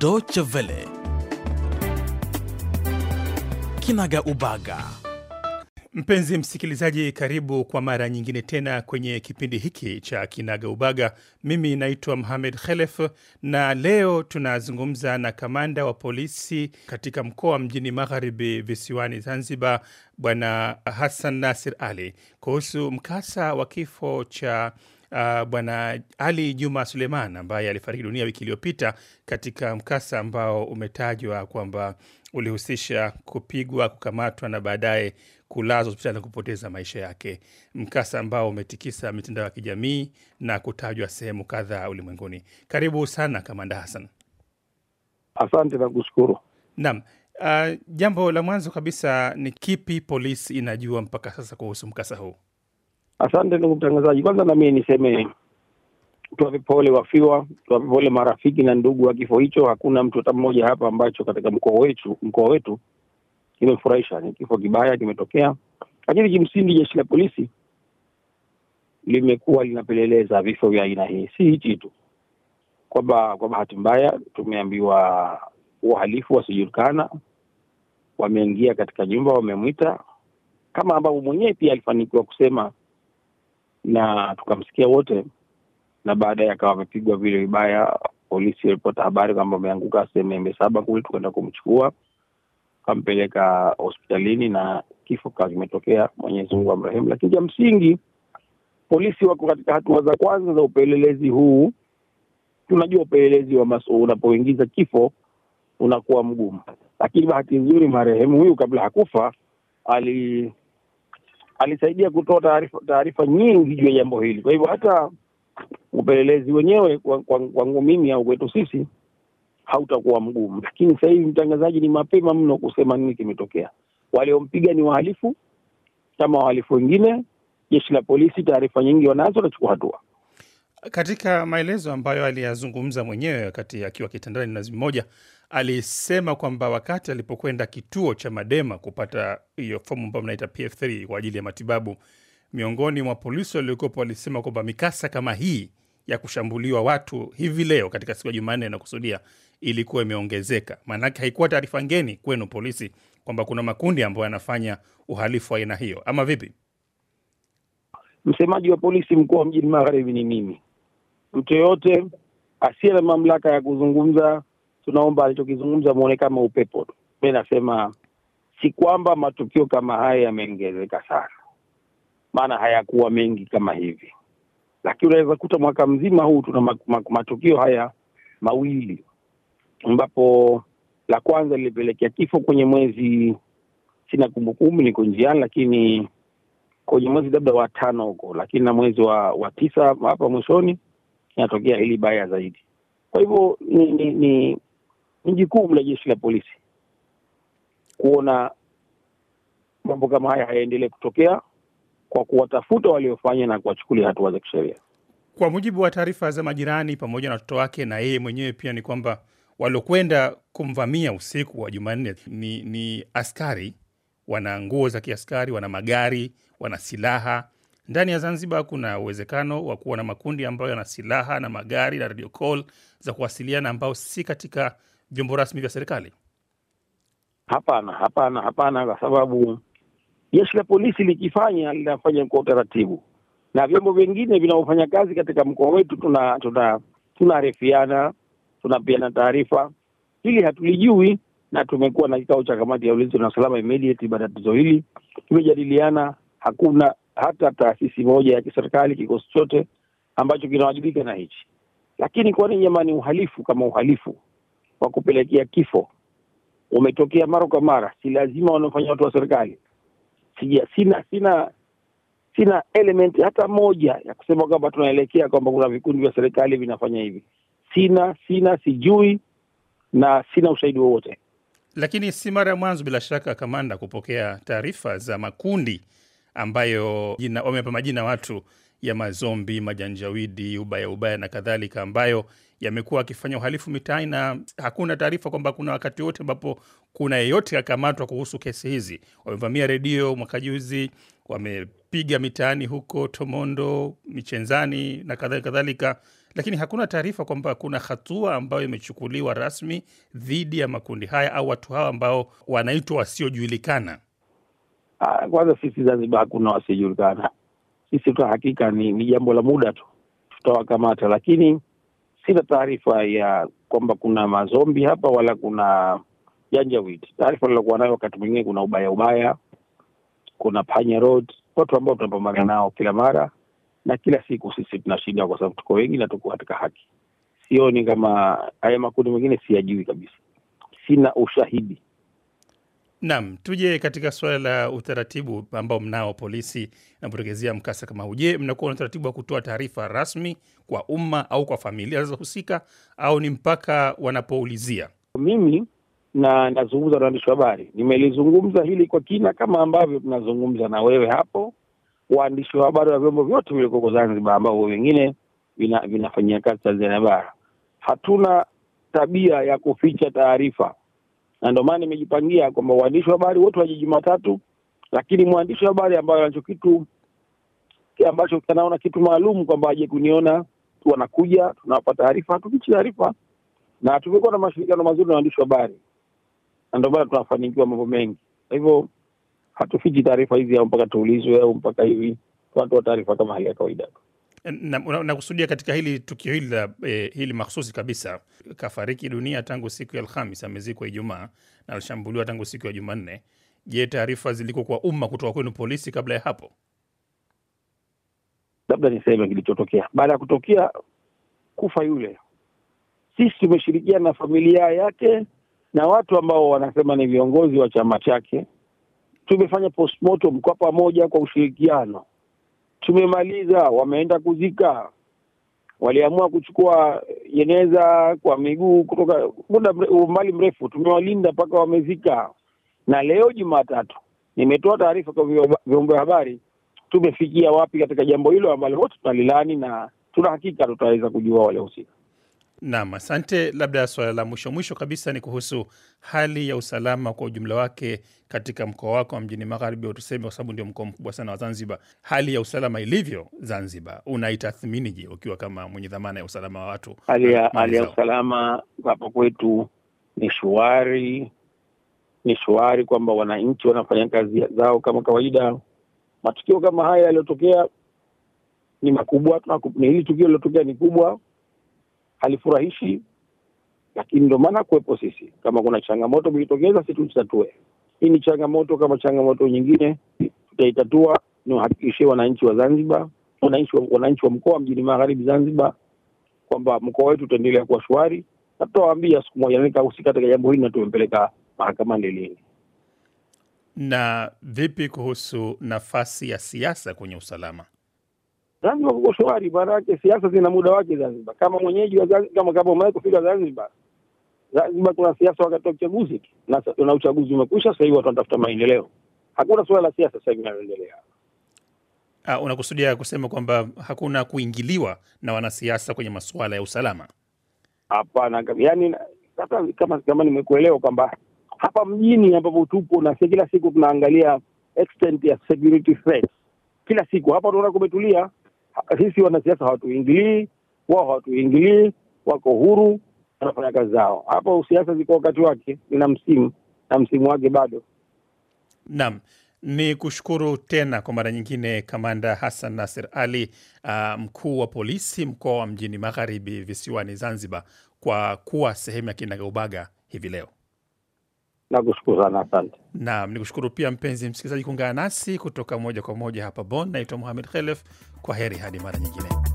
Deutsche Welle, kinaga ubaga. Mpenzi msikilizaji, karibu kwa mara nyingine tena kwenye kipindi hiki cha kinaga ubaga. Mimi naitwa Mohamed Khelef na leo tunazungumza na kamanda wa polisi katika mkoa mjini magharibi visiwani Zanzibar, Bwana Hassan Nasir Ali kuhusu mkasa wa kifo cha uh, Bwana Ali Juma Suleiman ambaye alifariki dunia wiki iliyopita katika mkasa ambao umetajwa kwamba ulihusisha kupigwa, kukamatwa na baadaye kulazwa hospitali na kupoteza maisha yake, mkasa ambao umetikisa mitandao ya kijamii na kutajwa sehemu kadhaa ulimwenguni. Karibu sana Kamanda Hassan. Asante na kushukuru. Naam. Uh, jambo la mwanzo kabisa ni kipi polisi inajua mpaka sasa kuhusu mkasa huu? Asante ndugu mtangazaji, kwanza nami niseme tuwape pole wafiwa, tuwape pole marafiki na ndugu wa kifo hicho. Hakuna mtu hata mmoja hapa ambacho katika mkoa wetu mkoa wetu kimefurahisha. Ni kifo kibaya kimetokea, lakini kimsingi jeshi la polisi limekuwa linapeleleza vifo vya aina hii, si hichi tu, kwamba kwa bahati mbaya tumeambiwa wahalifu wasiojulikana wameingia katika nyumba, wamemwita kama ambavyo mwenyewe pia alifanikiwa kusema na tukamsikia wote, na baadaye akawa amepigwa vile vibaya. Polisi walipota habari kwamba ameanguka sehemu saba kule, tukaenda kumchukua kampeleka hospitalini na kifo kaa kimetokea. mwenyezimungu Mungu amrehemu. Lakini cha msingi, polisi wako katika hatua za kwanza za upelelezi huu. Tunajua upelelezi wa maso, unapoingiza kifo unakuwa mgumu, lakini bahati nzuri marehemu huyu kabla hakufa ali alisaidia kutoa taarifa taarifa nyingi juu ya jambo hili. Kwa hivyo hata upelelezi wenyewe kwangu kwa, kwa mimi au kwetu sisi hautakuwa mgumu. Lakini sasa hivi, mtangazaji, ni mapema mno kusema nini kimetokea. Waliompiga ni wahalifu kama wahalifu wengine. Jeshi la polisi, taarifa nyingi wanazo, watachukua hatua. Katika maelezo ambayo aliyazungumza mwenyewe wakati akiwa kitandani na mmoja alisema kwamba wakati alipokwenda kituo cha Madema kupata hiyo fomu ambayo mnaita PF3 kwa ajili ya matibabu, miongoni mwa polisi waliokuwepo walisema kwamba mikasa kama hii ya kushambuliwa watu hivi leo katika siku ya Jumanne inakusudia ilikuwa imeongezeka. Maanake haikuwa taarifa ngeni kwenu polisi kwamba kuna makundi ambayo yanafanya uhalifu wa aina hiyo, ama vipi? Msemaji wa polisi mkuu wa Mjini Magharibi ni mimi. Mtu yoyote asiye na mamlaka ya kuzungumza, tunaomba alichokizungumza mwone kama upepo tu. Mi nasema si kwamba matukio kama haya yameongezeka sana, maana hayakuwa mengi kama hivi, lakini unaweza kuta mwaka mzima huu tuna matukio haya mawili, ambapo la kwanza lilipelekea kifo kwenye mwezi, sina kumbukumbu, niko njiani, lakini kwenye mwezi labda wa tano huko, lakini na mwezi wa, wa tisa hapa mwishoni inatokea hili baya zaidi. Kwa hivyo ni ni, ni, ni jukumu la jeshi la polisi kuona mambo kama haya hayaendelee kutokea kwa kuwatafuta waliofanya na kuwachukulia hatua za kisheria. Kwa mujibu wa taarifa za majirani pamoja na watoto wake na yeye mwenyewe pia, ni kwamba waliokwenda kumvamia usiku wa Jumanne ni, ni askari, wana nguo za kiaskari, wana magari, wana silaha ndani ya Zanzibar kuna uwezekano wa kuwa na makundi ambayo yana silaha na magari na radio call za kuwasiliana ambao si katika vyombo rasmi vya serikali? Hapana, hapana, hapana, kwa sababu jeshi la polisi likifanya linafanya kwa utaratibu, na vyombo vingine vinavyofanya kazi katika mkoa wetu tuna tuna tunaarifiana, tunapeana taarifa. Hili hatulijui, na tumekuwa na kikao cha kamati ya ulinzi na usalama immediate baada ya tatizo hili, tumejadiliana, hakuna hata taasisi moja ya kiserikali, kikosi chote ambacho kinawajibika na hichi. Lakini kwa nini jamani, uhalifu kama uhalifu wa kupelekea kifo umetokea mara kwa mara, si lazima wanaofanya watu wa serikali. sina sina sina element hata moja ya kusema kwamba tunaelekea kwamba kuna vikundi vya serikali vinafanya hivi. Sina sina sijui na sina ushahidi wowote. Lakini si mara ya mwanzo, bila shaka, kamanda, kupokea taarifa za makundi ambayo wamepa majina watu ya mazombi, majanjawidi, ubaya ubaya na kadhalika, ambayo yamekuwa akifanya uhalifu mitaani, na hakuna taarifa kwamba kuna wakati wote ambapo kuna yeyote akamatwa kuhusu kesi hizi. Wamevamia redio mwaka juzi, wamepiga mitaani huko Tomondo, Michenzani na kadhalika kadhalika, lakini hakuna taarifa kwamba kuna hatua ambayo imechukuliwa rasmi dhidi ya makundi haya au watu hawa ambao wanaitwa wasiojulikana. Ah, kwanza sisi Zanzibar hakuna wasiojulikana, sisi tu hakika ni, ni jambo la muda tu, tutawakamata, lakini sina taarifa ya kwamba kuna mazombi hapa wala kuna janjawid. Taarifa lilokuwa nayo wakati mwingine kuna ubaya ubaya, kuna panya road, watu ambao tunapambana nao kila mara na kila siku sisi tunashinda, kwa sababu tuko wengi na tuko katika haki. Sioni kama haya makundi mengine, siyajui kabisa, sina ushahidi Naam, tuje katika suala la utaratibu ambao mnao polisi napotokezea mkasa kama huu. Je, mnakuwa na utaratibu wa kutoa taarifa rasmi kwa umma au kwa familia zinazohusika au ni mpaka wanapoulizia? Mimi na nazungumza na waandishi wa habari, nimelizungumza hili kwa kina kama ambavyo tunazungumza na wewe hapo. Waandishi wa habari wa vyombo vyote vilivyoko Zanzibar ambavyo wengine vinafanyia kazi Tanzania Bara, hatuna tabia ya kuficha taarifa na ndio maana nimejipangia kwamba waandishi wa habari wote waje Jumatatu, lakini mwandishi wa habari ambayo anacho kitu ambacho anaona kitu maalum kwamba aje kuniona, wanakuja tunawapa taarifa, tukichi taarifa, na tumekuwa na mashirikiano mazuri na waandishi wa habari, na ndio maana tunafanikiwa mambo mengi. Kwa hivyo hatufichi taarifa hizi au mpaka tuulizwe au mpaka hivi, tunatoa taarifa kama hali ya kawaida tu. Nakusudia na katika hili tukio hili la eh, hili makhususi kabisa, kafariki dunia tangu siku ya Alhamis, amezikwa Ijumaa na alishambuliwa tangu siku ya Jumanne. Je, taarifa ziliko kwa umma kutoka kwenu polisi kabla ya hapo? Labda niseme kilichotokea baada ya kutokea kufa yule, sisi tumeshirikiana na familia yake na watu ambao wanasema ni viongozi wa chama chake. Tumefanya postmortem kwa pamoja kwa ushirikiano tumemaliza, wameenda kuzika. Waliamua kuchukua jeneza kwa miguu kutoka muda umbali mrefu, tumewalinda mpaka wamezika. Na leo Jumatatu nimetoa taarifa kwa vyombo vya habari tumefikia wapi katika jambo hilo ambalo wote tunalilani na tuna hakika tutaweza kujua wale husika nam asante. Labda swala la mwisho mwisho kabisa ni kuhusu hali ya usalama kwa ujumla wake katika mkoa wako wa mjini magharibi, tuseme, kwa sababu ndio mkoa mkubwa sana wa Zanzibar. Hali ya usalama ilivyo Zanzibar unaitathminije ukiwa kama mwenye dhamana ya usalama wa watu? Hali ya, hali ya usalama hapo kwetu ni shwari, ni shwari kwamba wananchi wanafanya kazi zao kama kawaida. Matukio kama haya yaliyotokea ni makubwa, hili tukio lilotokea ni kubwa halifurahishi, lakini ndio maana kuwepo sisi. Kama kuna changamoto imejitokeza, sisi tutatue. Hii ni changamoto kama changamoto nyingine, tutaitatua. Niwahakikishie wananchi wa Zanzibar, wananchi wa, wananchi wa mkoa mjini magharibi Zanzibar kwamba mkoa wetu utaendelea kuwa shwari, na tutawaambia siku moja nikahusika katika jambo hili na tumepeleka mahakamani lini. Na vipi kuhusu nafasi ya siasa kwenye usalama? Zanzibar kuko shwari, maanake siasa zina muda wake Zanzibar. Kama mwenyeji wa Zanzibar, kama kama umewahi kufika Zanzibar, Zanzibar kuna siasa wakati wa uchaguzi tu, na uchaguzi umekwisha. Sasa hivi watu wanatafuta maendeleo, hakuna suala la siasa sasa hivi inayoendelea. Uh, ah, unakusudia kusema kwamba hakuna kuingiliwa na wanasiasa kwenye masuala ya usalama? Hapana, yani sasa, kama kama nimekuelewa kwamba hapa mjini ambapo tupo na kila siku tunaangalia extent ya security threat. Kila siku hapa tunaona kumetulia, sisi wanasiasa hawatuingilii, wao hawatuingilii, wako huru, wanafanya kazi zao. Hapo siasa ziko wakati wake, ina msimu na msimu wake bado. Naam. Ni kushukuru tena kwa mara nyingine Kamanda Hassan Nasir Ali, uh, mkuu wa polisi mkoa wa Mjini Magharibi visiwani Zanzibar, kwa kuwa sehemu ya Kinagaubaga hivi leo. Nakushukuru sana, asante. Naam, nikushukuru pia mpenzi msikilizaji kuungana nasi kutoka moja kwa moja hapa Bonn. Naitwa Mohamed Khelef, kwa heri hadi mara nyingine.